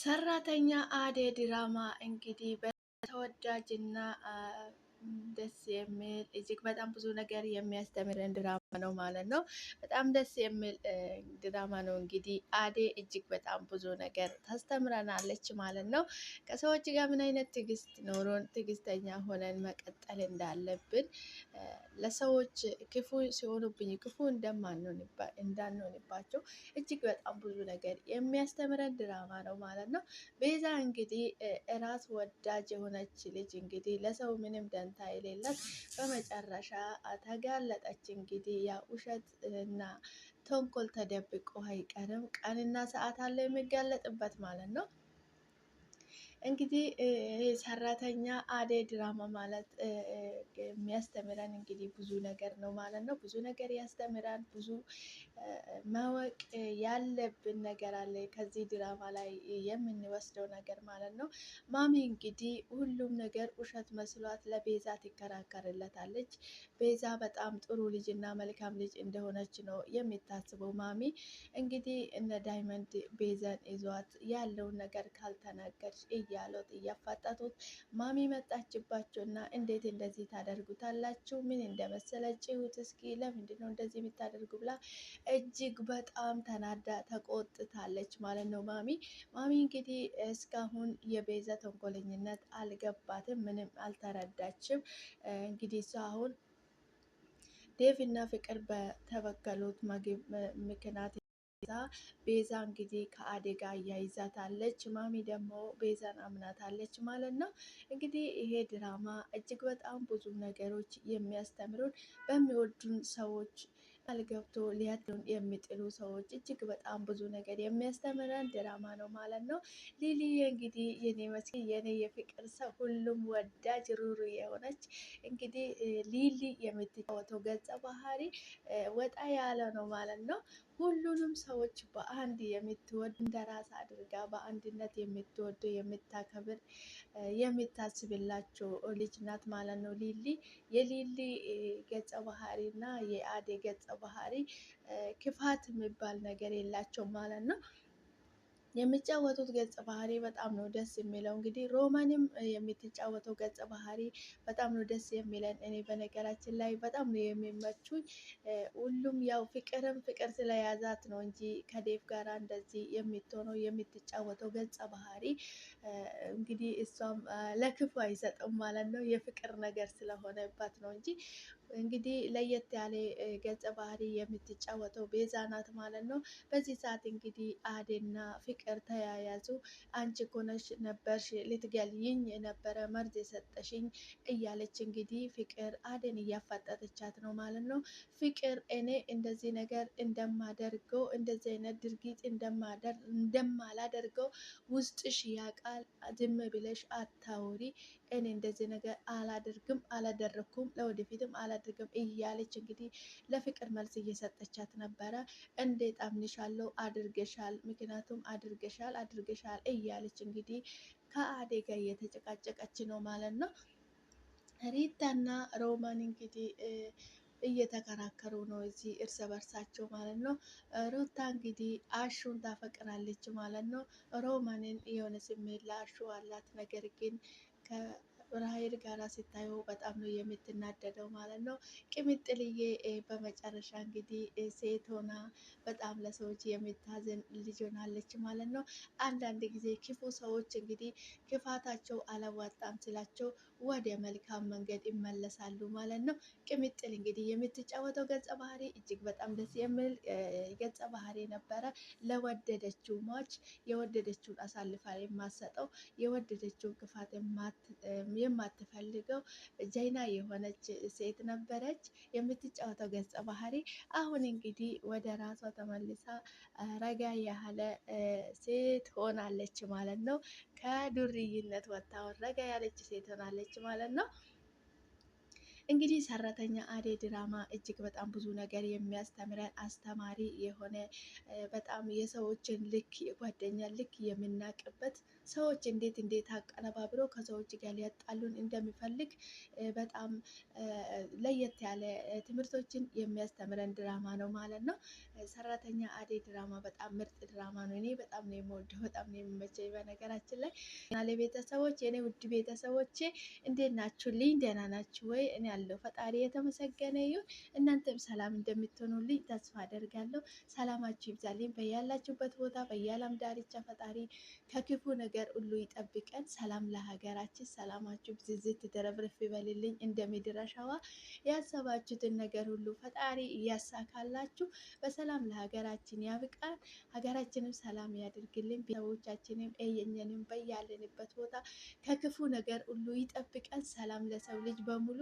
ሰራተኛ አደይ ድራማ እንግዲህ በተወዳጅና ደስ የሚል እጅግ በጣም ብዙ ነገር የሚያስተምረን ድራማ ነው ማለት ነው። በጣም ደስ የሚል ድራማ ነው። እንግዲህ አዴ እጅግ በጣም ብዙ ነገር ታስተምረናለች ማለት ነው። ከሰዎች ጋር ምን አይነት ትዕግስት ኖሮን ትዕግስተኛ ሆነን መቀጠል እንዳለብን ለሰዎች ክፉ ሲሆኑብኝ ክፉ እንዳንሆንባቸው እጅግ በጣም ብዙ ነገር የሚያስተምረን ድራማ ነው ማለት ነው። ቤዛ እንግዲህ ራስ ወዳጅ የሆነች ልጅ እንግዲህ ለሰው ምንም ደንታ የሌላት በመጨረሻ ተጋለጠች እንግዲህ ያ ውሸት እና ተንኮል ተደብቆ አይቀርም። ቀንና ሰዓት አለው የሚጋለጥበት ማለት ነው። እንግዲህ ሰራተኛ አደይ ድራማ ማለት የሚያስተምረን እንግዲህ ብዙ ነገር ነው ማለት ነው። ብዙ ነገር ያስተምራል። ብዙ ማወቅ ያለብን ነገር አለ ከዚህ ድራማ ላይ የምንወስደው ነገር ማለት ነው። ማሚ እንግዲህ ሁሉም ነገር ውሸት መስሏት ለቤዛ ትከራከርለታለች። ቤዛ በጣም ጥሩ ልጅ እና መልካም ልጅ እንደሆነች ነው የሚታስበው። ማሚ እንግዲህ እነ ዳይመንድ ቤዛን ይዟት ያለውን ነገር ካልተናገርች እያሉት እያፋጠጡት ማሚ መጣችባቸው እና እንዴት እንደዚህ ታደርጉታላችሁ? ምን እንደመሰለ ጭሁት እስኪ ለምንድን ነው እንደዚህ የምታደርጉ ብላ እጅግ በጣም ተናዳ ተቆጥታለች ማለት ነው። ማሚ ማሚ እንግዲህ እስካሁን የቤዛ ተንኮለኝነት አልገባትም፣ ምንም አልተረዳችም። እንግዲህ እሷ አሁን ዴቭ እና ፍቅር በተበከሉት ምግብ ምክንያት ቤዛ እንግዲህ ከአደጋ እያይዛታለች ማሚ ደግሞ ቤዛን አምናታለች ማለት ነው። እንግዲህ ይሄ ድራማ እጅግ በጣም ብዙ ነገሮች የሚያስተምሩን በሚወዱን ሰዎች አልገብቶ ሊያድሩን የሚጥሉ ሰዎች እጅግ በጣም ብዙ ነገር የሚያስተምረን ድራማ ነው ማለት ነው። ሊሊ እንግዲህ የኔ መስኪ የኔ የፍቅር ሰው ሁሉም ወዳጅ ሩሩ የሆነች እንግዲህ ሊሊ የምትጫወተው ገጸ ባህሪ ወጣ ያለ ነው ማለት ነው። ሁሉንም ሰዎች በአንድ የምትወድ እንደራስ አድርጋ በአንድነት የምትወድ የምታከብር የምታስብላቸው ልጅ ናት ማለት ነው። ሊሊ የሊሊ ገጸ ባህሪ እና የአዴ ገጸ ባህሪ ክፋት የሚባል ነገር የላቸው ማለት ነው። የሚጫወቱት ገጸ ባህሪ በጣም ነው ደስ የሚለው። እንግዲህ ሮማንም የምትጫወተው ገጸ ባህሪ በጣም ነው ደስ የሚለን። እኔ በነገራችን ላይ በጣም ነው የሚመቹኝ። ሁሉም ያው ፍቅርም ፍቅር ስለያዛት ነው እንጂ ከዴፍ ጋር እንደዚህ የምትሆነው የምትጫወተው ገጸ ባህሪ እንግዲህ እሷም ለክፉ አይሰጥም ማለት ነው። የፍቅር ነገር ስለሆነባት ነው እንጂ እንግዲህ ለየት ያለ ገጸ ባህሪ የምትጫወተው ቤዛ ናት ማለት ነው። በዚህ ሰዓት እንግዲህ አዴና ፍቅር ተያያዙ። አንቺ እኮ ነሽ ነበርሽ ልትገልይኝ የነበረ መርዝ የሰጠሽኝ እያለች እንግዲህ ፍቅር አዴን እያፋጠጠቻት ነው ማለት ነው። ፍቅር እኔ እንደዚህ ነገር እንደማደርገው እንደዚህ አይነት ድርጊት እንደማላደርገው ውስጥሽ ያቃል፣ ዝም ብለሽ አታውሪ እኔ እንደዚህ ነገር አላደርግም አላደረግኩም፣ ለወደፊትም አላደርግም እያለች እንግዲህ ለፍቅር መልስ እየሰጠቻት ነበረ። እንዴት አምንሻለሁ? አድርገሻል፣ ምክንያቱም አድርገሻል አድርገሻል እያለች እንግዲህ ከአዴ ጋር እየተጨቃጨቀች ነው ማለት ነው። ሪታና ሮማን እንግዲህ እየተከራከሩ ነው እዚህ እርስ በርሳቸው ማለት ነው። ሩታ እንግዲህ አሹን ታፈቅራለች ማለት ነው። ሮማንን የሆነ ስሜት ለአሹ አላት ነገር ግን 该。ራሄል ጋራ ሲታዩ በጣም ነው የምትናደደው ማለት ነው። ቅምጥልዬ በመጨረሻ እንግዲህ ሴት ሆና በጣም ለሰዎች የምታዘን ልጅ ሆናለች ማለት ነው። አንዳንድ ጊዜ ክፉ ሰዎች እንግዲህ ክፋታቸው አላዋጣም ስላቸው ወደ መልካም መንገድ ይመለሳሉ ማለት ነው። ቅምጥል እንግዲህ የምትጫወተው ገጸ ባህሪ እጅግ በጣም ደስ የሚል ገጸ ባህሪ ነበረ። ለወደደችው ሟች የወደደችውን አሳልፋ የማትሰጠው የወደደችውን ክፋት የማትፈልገው ጀይና የሆነች ሴት ነበረች የምትጫወተው ገጸ ባህሪ። አሁን እንግዲህ ወደ ራሷ ተመልሳ ረጋ ያለ ሴት ሆናለች ማለት ነው። ከዱርይነት ወታወን ረጋ ያለች ሴት ሆናለች ማለት ነው። እንግዲህ ሰራተኛ አደይ ድራማ እጅግ በጣም ብዙ ነገር የሚያስተምረን አስተማሪ የሆነ በጣም የሰዎችን ልክ ጓደኛ ልክ የምናቅበት ሰዎች እንዴት እንዴት አቀነባብረው ከሰዎች ጋር ሊያጣሉን እንደሚፈልግ በጣም ለየት ያለ ትምህርቶችን የሚያስተምረን ድራማ ነው ማለት ነው። ሰራተኛ አደይ ድራማ በጣም ምርጥ ድራማ ነው። እኔ በጣም ነው የምወደው፣ በጣም ነው የሚመቸኝ። በነገራችን ላይ ቤተሰቦች የኔ ውድ ቤተሰቦቼ እንዴት ናችሁ? ልኝ ደህና ናችሁ ወይ? እኔ ያለው ፈጣሪ የተመሰገነ ይሁን። እናንተም ሰላም እንደምትሆኑልኝ ተስፋ አደርጋለሁ። ሰላማችሁ ይብዛልኝ በያላችሁበት ቦታ በያለም ዳርቻ ፈጣሪ ከክፉ ነገር ሁሉ ይጠብቀን። ሰላም ለሀገራችን፣ ሰላማችሁ ብዝዝት ትረፍርፍ ይበልልኝ። እንደ ምድረ አሸዋ ያሰባችሁትን ነገር ሁሉ ፈጣሪ እያሳካላችሁ በሰላም ለሀገራችን ያብቃን። ሀገራችንም ሰላም ያድርግልን። ቤተሰቦቻችንም እየኛንም በያለንበት ቦታ ከክፉ ነገር ሁሉ ይጠብቀን። ሰላም ለሰው ልጅ በሙሉ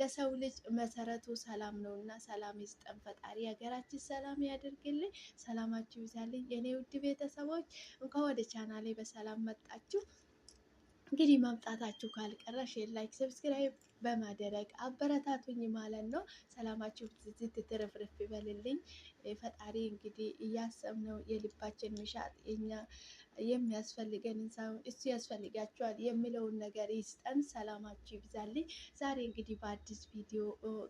ለሰው ልጅ መሰረቱ ሰላም ነው እና ሰላም ይስጠን ፈጣሪ። ሀገራችን ሰላም ያደርግልን። ሰላማችሁ ይዛልኝ። የኔ ውድ ቤተሰቦች እንኳን ወደ ቻናሌ በሰላም መጣችሁ። እንግዲህ መምጣታችሁ ካልቀረ ሼር፣ ላይክ፣ ሰብስክራይብ በማደረግ አበረታቱኝ ማለት ነው። ሰላማችሁ ዝት ትርፍርፍ ይበልልኝ። ፈጣሪ እንግዲህ እያሰብነው የልባችን ምሻት የኛ የሚያስፈልገንን ሳይሆን እሱ ያስፈልጋቸዋል የሚለውን ነገር ይስጠን። ሰላማችሁ ይብዛልኝ። ዛሬ እንግዲህ በአዲስ ቪዲዮ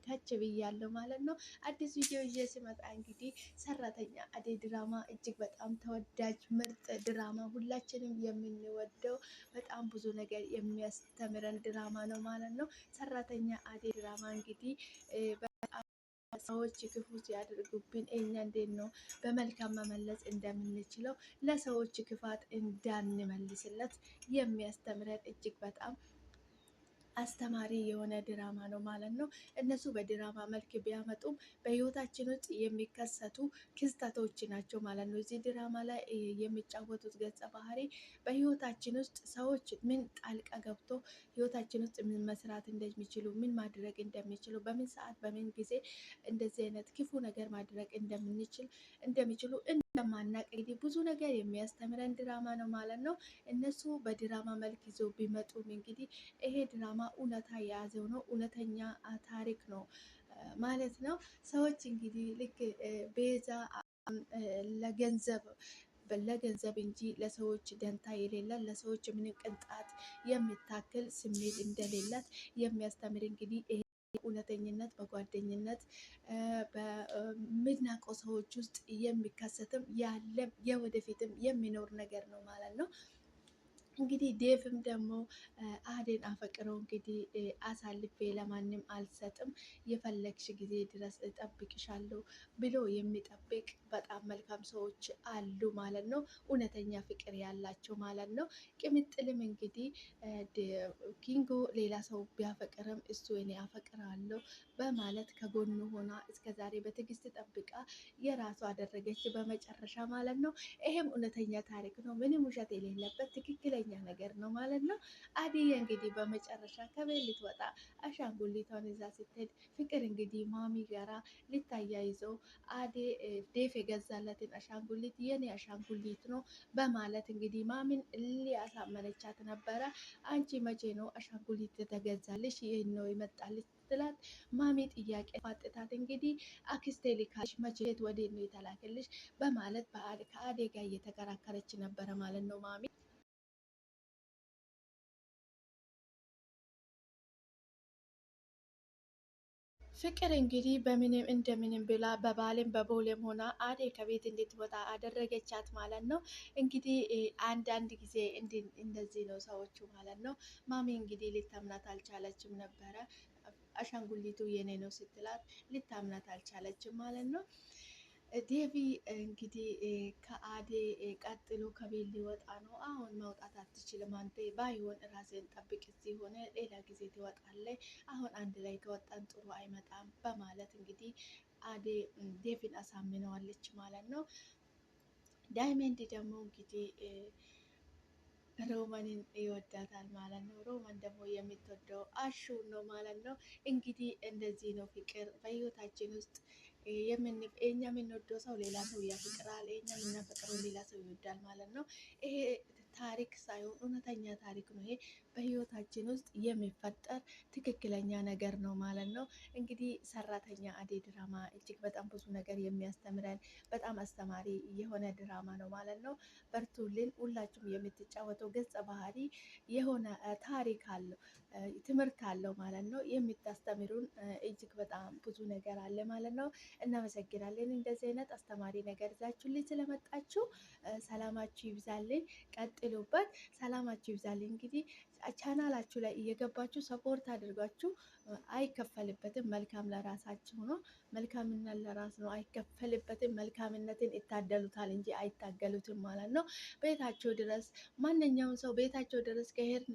ከች ብያለሁ ማለት ነው። አዲስ ቪዲዮ ይዤ ስመጣ እንግዲህ ሰራተኛ አደይ ድራማ እጅግ በጣም ተወዳጅ ምርጥ ድራማ፣ ሁላችንም የምንወደው በጣም ብዙ ነገር የሚያስተምረን ድራማ ነው ማለት ነው። ሰራተኛ አደይ ድራማ እንግዲህ ሰዎች ክፉ ሲያደርጉብን እኛ እንዴት ነው በመልካም መመለስ እንደምንችለው ለሰዎች ክፋት እንዳንመልስለት የሚያስተምረን እጅግ በጣም አስተማሪ የሆነ ድራማ ነው ማለት ነው። እነሱ በድራማ መልክ ቢያመጡም በህይወታችን ውስጥ የሚከሰቱ ክስተቶች ናቸው ማለት ነው። እዚህ ድራማ ላይ የሚጫወቱት ገጸ ባህሪ በህይወታችን ውስጥ ሰዎች ምን ጣልቃ ገብቶ ህይወታችን ውስጥ ምን መስራት እንደሚችሉ፣ ምን ማድረግ እንደሚችሉ፣ በምን ሰዓት በምን ጊዜ እንደዚህ አይነት ክፉ ነገር ማድረግ እንደምንችል እንደሚችሉ እንደማናቅ እንግዲህ ብዙ ነገር የሚያስተምረን ድራማ ነው ማለት ነው። እነሱ በድራማ መልክ ይዞ ቢመጡም እንግዲህ ይሄ ድራማ እውነታ የያዘው ነው። እውነተኛ ታሪክ ነው ማለት ነው። ሰዎች እንግዲህ ልክ ቤዛ ለገንዘብ ለገንዘብ እንጂ ለሰዎች ደንታ የሌላት ለሰዎች ምንም ቅንጣት የምታክል ስሜት እንደሌላት የሚያስተምር እንግዲህ ይሄ እውነተኝነት በጓደኝነት በምድናቆ ሰዎች ውስጥ የሚከሰትም ያለም የወደፊትም የሚኖር ነገር ነው ማለት ነው። እንግዲህ ዴቭም ደግሞ አደን አፈቅረው እንግዲህ አሳልፌ ለማንም አልሰጥም የፈለግሽ ጊዜ ድረስ እጠብቅሻለሁ ብሎ የሚጠብቅ በጣም መልካም ሰዎች አሉ ማለት ነው። እውነተኛ ፍቅር ያላቸው ማለት ነው። ቅምጥልም እንግዲህ ኪንጎ ሌላ ሰው ቢያፈቅርም እሱ እኔ አፈቅራለሁ በማለት ከጎኑ ሆና እስከዛሬ በትዕግስት ጠብቃ የራሱ አደረገች በመጨረሻ ማለት ነው። ይሄም እውነተኛ ታሪክ ነው። ምንም ውሸት የሌለበት ትክክለኛ ትክክለኛ ነገር ነው ማለት ነው። አደይ እንግዲህ በመጨረሻ ከቤት ልትወጣ አሻንጉሊቷን ይዛ ስትሄድ ፍቅር እንግዲህ ማሚ ጋራ ልታያይዘው አዴ ዴፍ የገዛላትን አሻንጉሊት የኔ አሻንጉሊት ነው በማለት እንግዲህ ማሚን ሊያሳመነቻት ነበረ። አንቺ መቼ ነው አሻንጉሊት የተገዛልሽ? ይህን ነው ይመጣልሽ ስትላት ማሚ ጥያቄ ፋጥታት እንግዲህ አክስቴ ልካሽ መቼት ወዴት ነው የተላከልሽ? በማለት ከአዴ ጋር እየተከራከረች ነበረ ማለት ነው ማሚ ፍቅር እንግዲህ በምንም እንደምንም ብላ በባልም በቦሌም ሆና አዴ ከቤት እንድትወጣ አደረገቻት ማለት ነው። እንግዲህ አንዳንድ ጊዜ እንደዚህ ነው ሰዎቹ ማለት ነው። ማሚ እንግዲህ ልታምናት አልቻለችም ነበረ። አሻንጉሊቱ የኔ ነው ስትላት ልታምናት አልቻለችም ማለት ነው። ዴቪ እንግዲህ ከአዴ ቀጥሎ ከቤት ሊወጣ ነው። አሁን መውጣት አትችልም አንተ። ባይሆን ራሴን ጠብቅ፣ እዚህ ሆነ ሌላ ጊዜ ትወጣለህ። አሁን አንድ ላይ ከወጣን ጥሩ አይመጣም በማለት እንግዲህ አዴ ዴቪን አሳምነዋለች ማለት ነው። ዳይመንድ ደግሞ እንግዲህ ሮማንን ይወዳታል ማለት ነው። ሮማን ደግሞ የምትወደው አሹ ነው ማለት ነው። እንግዲህ እንደዚህ ነው ፍቅር በህይወታችን ውስጥ የኛ የምንወደው ሰው ሌላ ሰው ያፈቅራል፣ የኛ የምናፈቅረው ሌላ ሰው ይወዳል ማለት ነው። ይሄ ታሪክ ሳይሆን እውነተኛ ታሪክ ነው። ይሄ በህይወታችን ውስጥ የሚፈጠር ትክክለኛ ነገር ነው ማለት ነው። እንግዲህ ሰራተኛ አደይ ድራማ እጅግ በጣም ብዙ ነገር የሚያስተምረን በጣም አስተማሪ የሆነ ድራማ ነው ማለት ነው። በርቱልን። ሁላችሁም የምትጫወተው ገጸ ባህሪ የሆነ ታሪክ አለው። ትምህርት አለው ማለት ነው። የምታስተምሩን እጅግ በጣም ብዙ ነገር አለ ማለት ነው። እናመሰግናለን። እንደዚህ አይነት አስተማሪ ነገር ይዛችሁልኝ ስለመጣችሁ ሰላማችሁ ይብዛልኝ። ቀጥሉበት። ሰላማችሁ ይብዛልኝ። እንግዲህ ቻናላችሁ ላይ እየገባችሁ ሰፖርት አድርጋችሁ አይከፈልበትም። መልካም ለራሳችሁ ነው። መልካምነት ለራስ ነው፣ አይከፈልበትም። መልካምነትን ይታደሉታል እንጂ አይታገሉትም ማለት ነው። ቤታቸው ድረስ ማንኛውም ሰው ቤታቸው ድረስ ከሄድ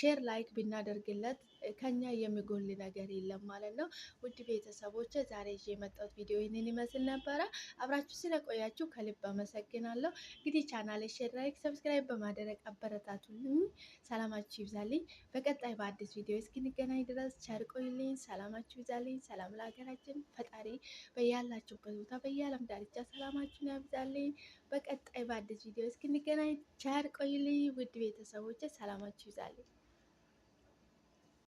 ሼር ላይክ ብናደርግለት ከኛ የሚጎል ነገር የለም ማለት ነው። ውድ ቤተሰቦች ዛሬ ይዤ የመጣሁት ቪዲዮ ይህንን ይመስል ነበረ። አብራችሁ ስለቆያችሁ ከልብ አመሰግናለሁ። እንግዲህ ቻናል ሼር፣ ላይክ፣ ሰብስክራይብ በማድረግ አበረታቱልኝ። ሰላማችሁ ይብዛልኝ። በቀጣይ በአዲስ ቪዲዮ እስክንገናኝ ድረስ ቸር ሰላማችሁ ይብዛልኝ። ሰላም ለሀገራችን። ፈጣሪ በያላችሁበት ቦታ በየዓለም ዳርቻ ሰላማችሁን ያብዛልኝ። በቀጣይ በአዲስ ቪዲዮ እስክንገናኝ ቸር ቆዩልኝ። ውድ ቤተሰቦች ሰላማችሁ ይብዛልኝ።